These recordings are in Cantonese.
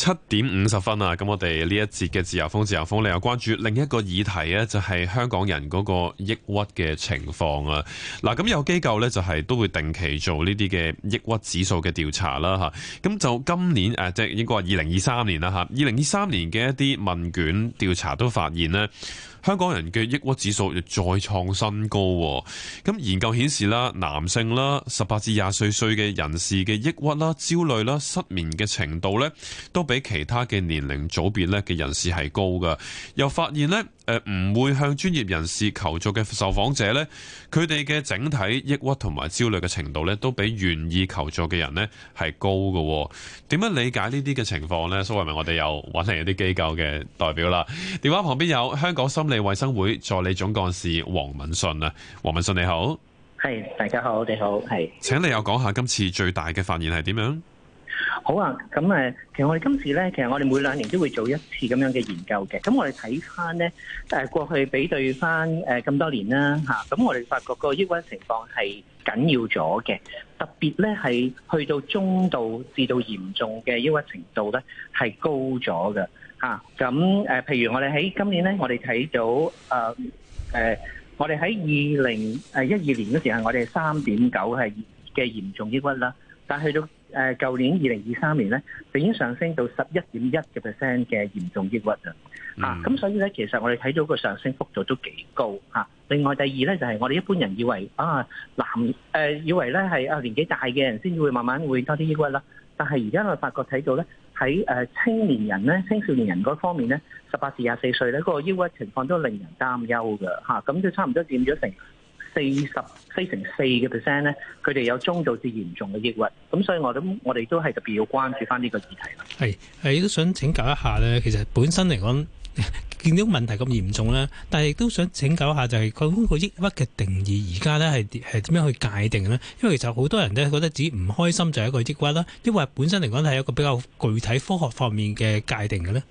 七點五十分啊！咁我哋呢一節嘅自由風，自由風，你又關注另一個議題呢，就係香港人嗰個抑鬱嘅情況啊！嗱，咁有機構呢就係都會定期做呢啲嘅抑鬱指數嘅調查啦，吓咁就今年誒，即係應該話二零二三年啦，吓二零二三年嘅一啲問卷調查都發現呢，香港人嘅抑鬱指數又再創新高。咁研究顯示啦，男性啦，十八至廿四歲嘅人士嘅抑鬱啦、焦慮啦、失眠嘅程度呢，都比其他嘅年齡組別咧，嘅人士係高噶。又發現呢，誒唔會向專業人士求助嘅受訪者呢，佢哋嘅整體抑鬱同埋焦慮嘅程度呢，都比願意求助嘅人呢係高噶。點樣理解呢啲嘅情況呢？蘇慧文，我哋又搵嚟一啲機構嘅代表啦。電話旁邊有香港心理衛生會助理總幹事黃敏信啊，黃敏信你好。係大家好。你好。係，請你又講下今次最大嘅發現係點樣？好啊，咁誒，其實我哋今次咧，其實我哋每兩年都會做一次咁樣嘅研究嘅。咁我哋睇翻咧，誒過去比對翻誒咁多年啦，吓，咁我哋發覺個抑鬱情況係緊要咗嘅，特別咧係去到中度至到嚴重嘅抑鬱程度咧係高咗嘅，吓。咁誒，譬如我哋喺今年咧，我哋睇到誒，誒，我哋喺二零誒一二年嗰陣，我哋三點九係嘅嚴重抑鬱啦，但係去到。誒，舊年二零二三年咧，就已經上升到十一點一嘅 percent 嘅嚴重抑鬱啦！啊，咁所以咧，其實我哋睇到個上升幅度都幾高嚇。另外第二咧，就係我哋一般人以為啊男誒、呃、以為咧係啊年紀大嘅人先至會慢慢會多啲抑鬱啦，但係而家我哋發覺睇到咧喺誒青年人咧、青少年人嗰方面咧，十八至廿四歲咧，嗰個抑鬱情況都令人擔憂嘅嚇。咁就差唔多佔咗成四十四成四嘅 percent 咧，佢哋有中度至嚴重嘅抑鬱，咁所以我諗我哋都係特別要關注翻呢個議題啦。係，係都想請教一下咧。其實本身嚟講見到問題咁嚴重咧，但係亦都想請教一下，一下就係關於個抑鬱嘅定義，而家咧係係點樣去界定呢？因為其實好多人都覺得自己唔開心就係一個抑鬱啦。抑鬱本身嚟講係一個比較具體科學方面嘅界定嘅呢。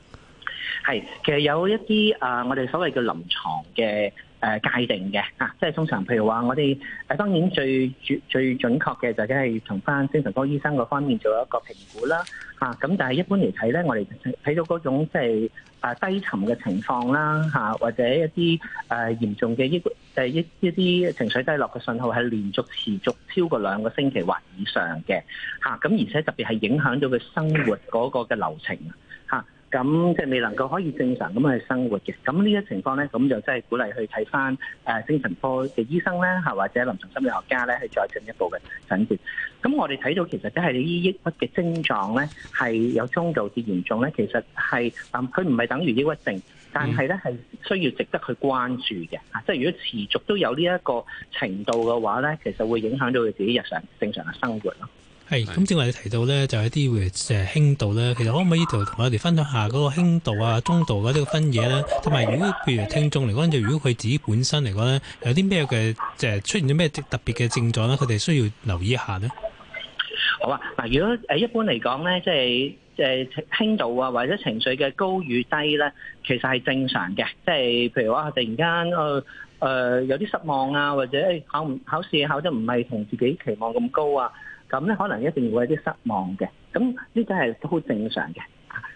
係，其實有一啲啊，我哋所謂嘅臨床嘅。誒、啊、界定嘅啊，即係通常，譬如話我哋誒當然最最最準確嘅就係從翻精神科醫生嗰方面做一個評估啦，嚇、啊、咁但係一般嚟睇咧，我哋睇到嗰種即係啊低沉嘅情況啦，嚇、啊、或者一啲誒、啊、嚴重嘅抑誒一一啲情緒低落嘅信號係連續持續超過兩個星期或以上嘅嚇，咁、啊、而且特別係影響到佢生活嗰個嘅流程。咁即係未能夠可以正常咁去生活嘅，咁呢一情況咧，咁就真係鼓勵去睇翻誒精神科嘅醫生啦，吓或者臨床心理學家咧，去再進一步嘅診斷。咁我哋睇到其實即係啲抑鬱嘅症狀咧，係有中度至嚴重咧，其實係，佢唔係等於抑鬱症，但係咧係需要值得去關注嘅，啊，即係如果持續都有呢一個程度嘅話咧，其實會影響到佢自己日常正常嘅生活咯。係，咁正話你提到咧，就係啲嘅誒輕度咧，其實可唔可以依同我哋分享一下嗰個輕度啊、中度呢啲分野咧？同埋，如果譬如聽眾嚟講，就如果佢自己本身嚟講咧，有啲咩嘅誒出現咗咩特別嘅症狀咧？佢哋需要留意一下咧。好啊，嗱，如果誒一般嚟講咧，即係誒輕度啊，或者情緒嘅高與低咧，其實係正常嘅。即係譬如話，突然間誒誒呃有啲失望啊，或者誒考唔考試考得唔係同自己期望咁高啊。咁咧可能一定會有啲失望嘅，咁呢個係都好正常嘅。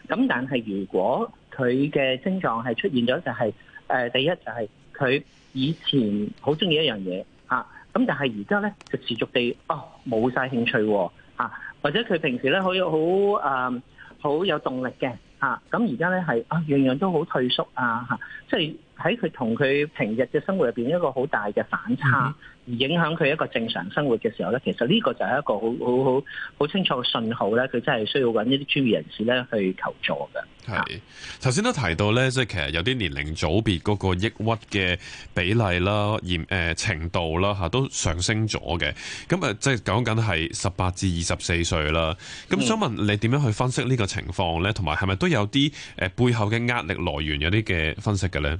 咁但係如果佢嘅症狀係出現咗，就係、係呃、第一就係佢以前好中意一樣嘢嚇，咁、啊、但係而家咧就持續地哦冇晒興趣嚇、啊啊。或者佢平時咧好有好誒好有動力嘅嚇，咁而家咧係啊樣、啊、樣都好退縮啊嚇，即係喺佢同佢平日嘅生活入邊，一個好大嘅反差。嗯而影響佢一個正常生活嘅時候咧，其實呢個就係一個好好好好清楚嘅信號咧，佢真係需要搵一啲專業人士咧去求助嘅。係頭先都提到咧，即係其實有啲年齡組別嗰個抑鬱嘅比例啦、嚴、呃、誒程度啦嚇都上升咗嘅。咁誒即係講緊係十八至二十四歲啦。咁想問你點樣去分析呢個情況咧？同埋係咪都有啲誒背後嘅壓力來源，有啲嘅分析嘅咧？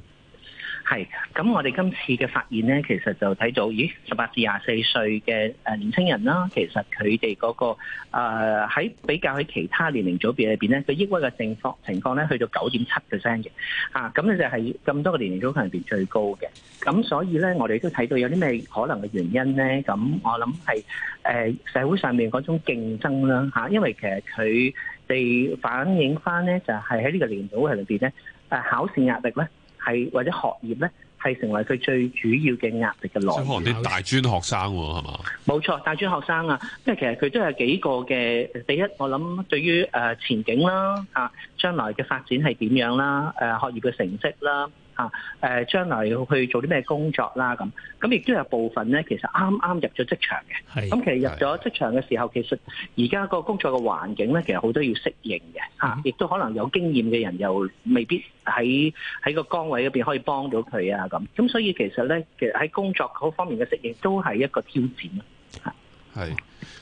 係，咁我哋今次嘅發現咧，其實就睇到，咦，十八至廿四歲嘅年輕人啦，其實佢哋嗰個喺、呃、比較喺其他年齡組別裏面咧，佢抑鬱嘅情況情況咧去到九點七嘅 percent 嘅，咁你就係咁多個年齡組群入邊最高嘅。咁所以咧，我哋都睇到有啲咩可能嘅原因咧？咁我諗係、呃、社會上面嗰種競爭啦，啊、因為其實佢哋反映翻咧，就係喺呢個年齡組群裏面咧，考試壓力咧。係或者學業咧，係成為佢最主要嘅壓力嘅來源。可能啲大專學生喎、啊，係嘛？冇錯，大專學生啊，因為其實佢都有幾個嘅，第一我諗對於、呃、前景啦，嚇、啊、將來嘅發展係點樣啦，誒、呃、學業嘅成績啦。啊，誒，將來要去做啲咩工作啦？咁，咁亦都有部分咧，其實啱啱入咗職場嘅。係。咁其實入咗職場嘅時候，其實而家個工作嘅環境咧，其實好多要適應嘅。啊，亦都可能有經驗嘅人又未必喺喺個崗位嗰邊可以幫到佢啊。咁，咁所以其實咧，其實喺工作嗰方面嘅適應都係一個挑戰。係，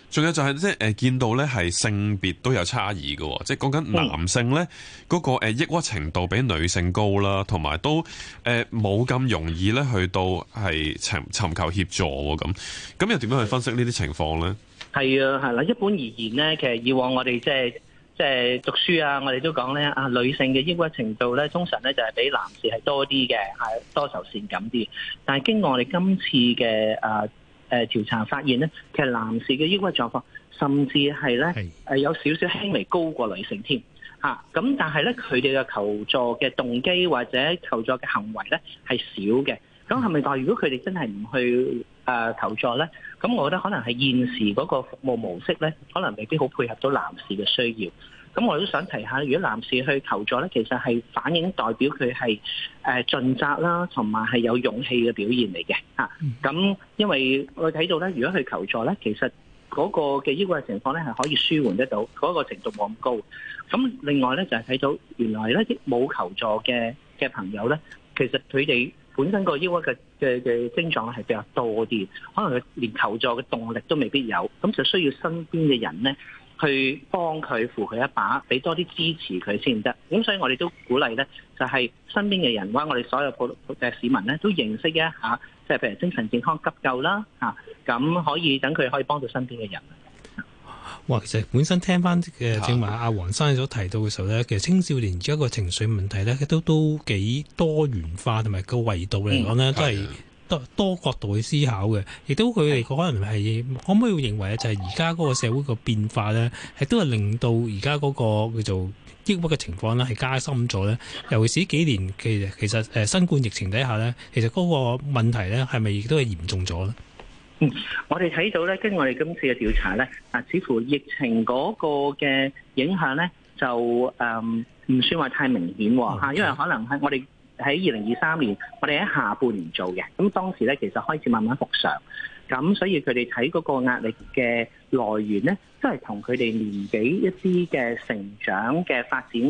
仲有就係即係誒，見到咧係性別都有差異嘅，即係講緊男性咧嗰、嗯嗰個誒抑鬱程度比女性高啦，同埋都誒冇咁容易咧去到係尋尋求協助咁，咁又點樣去分析況呢啲情況咧？係啊，係啦，一般而言咧，其實以往我哋即係即係讀書啊，我哋都講咧啊，女性嘅抑鬱程度咧，通常咧就係、是、比男士係多啲嘅，係多愁善感啲，但係經過我哋今次嘅誒。呃誒調查發現咧，其實男士嘅抑鬱狀況甚至係咧係有少少輕微高過女性添嚇，咁但係咧佢哋嘅求助嘅動機或者求助嘅行為咧係少嘅，咁係咪話如果佢哋真係唔去誒求助咧，咁我覺得可能係現時嗰個服務模式咧，可能未必好配合到男士嘅需要。咁我都想提下，如果男士去求助咧，其實係反映代表佢係誒盡責啦，同埋係有勇氣嘅表現嚟嘅嚇。咁因為我哋睇到咧，如果去求助咧，其實嗰個嘅抑鬱嘅情況咧係可以舒緩得到，嗰個程度冇咁高。咁另外咧就係睇到原來咧啲冇求助嘅嘅朋友咧，其實佢哋本身個抑鬱嘅嘅嘅症狀係比較多啲，可能佢連求助嘅動力都未必有，咁就需要身邊嘅人咧。去幫佢扶佢一把，俾多啲支持佢先得。咁所以我哋都鼓勵呢，就係身邊嘅人或者我哋所有普通市民呢，都認識一下，即係譬如精神健康急救啦，嚇，咁可以等佢可以幫到身邊嘅人。哇！其實本身聽翻嘅正話，阿黃生所提到嘅時候呢，其實青少年而家個情緒問題呢，都都幾多元化同埋個維度嚟講呢，都係。多多角度去思考嘅，亦都佢哋可能係可唔可以認為咧，就係而家嗰個社會嘅變化咧，係都係令到而家嗰個叫做抑鬱嘅情況咧，係加深咗咧。尤其是呢幾年，其其實誒新冠疫情底下咧，其實嗰個問題咧，係咪亦都係嚴重咗咧？嗯，我哋睇到咧，跟我哋今次嘅調查咧，啊，似乎疫情嗰個嘅影響咧，就誒唔算話太明顯喎嚇，因為可能係我哋。喺二零二三年，我哋喺下半年做嘅，咁當時咧其實開始慢慢復常。咁所以佢哋睇嗰個壓力嘅來源咧，都係同佢哋年紀一啲嘅成長嘅發展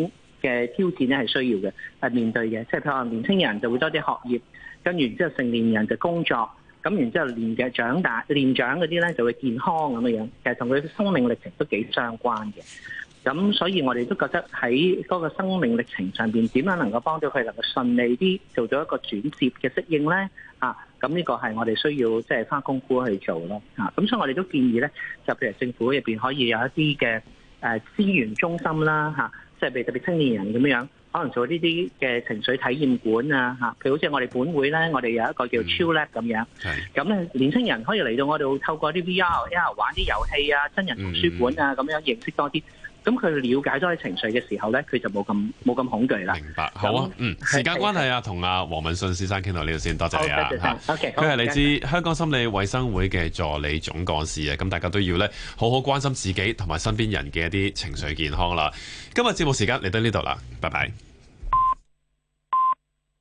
嘅挑戰咧係需要嘅，係面對嘅。即係譬如話，年輕人就會多啲學業，跟住之後成年人就工作，咁然之後年嘅長大、年長嗰啲咧就會健康咁嘅樣。其實同佢生命歷程都幾相關嘅。咁所以我哋都覺得喺嗰個生命歷程上面，點樣能夠幫到佢能夠順利啲做到一個轉接嘅適應咧？咁、啊、呢個係我哋需要即係花功夫去做咯。咁、啊、所以我哋都建議咧，就譬如政府入面可以有一啲嘅誒資源中心啦，即、啊、係譬如特別青年人咁樣，可能做呢啲嘅情緒體驗館啊，嚇，譬如好似我哋本會咧，我哋有一個叫超叻咁樣，係咁咧，年輕人可以嚟到我度透過啲 VR 玩啲遊戲啊、真人圖書館啊咁樣認識多啲。咁佢了解咗你情緒嘅時候呢，佢就冇咁冇咁恐懼啦。明白，好啊，嗯，時間關係啊，同阿黃敏信先生傾到呢度先聊聊，多謝你啊，佢係嚟自香港心理衛生會嘅助理總幹事啊，咁大家都要咧好好關心自己同埋身邊人嘅一啲情緒健康啦。今日節目時間嚟到呢度啦，拜拜。